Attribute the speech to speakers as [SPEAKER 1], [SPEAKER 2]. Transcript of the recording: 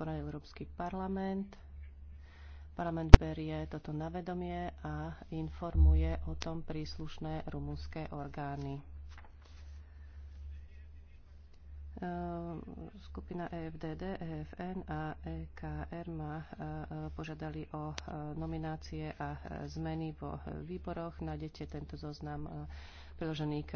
[SPEAKER 1] podpora Európsky parlament. Parlament berie toto na vedomie a informuje o tom príslušné rumunské orgány. Ehm, skupina EFDD, EFN a EKR ma e, požiadali o e, nominácie a e, zmeny vo výboroch. Nájdete tento zoznam priložený k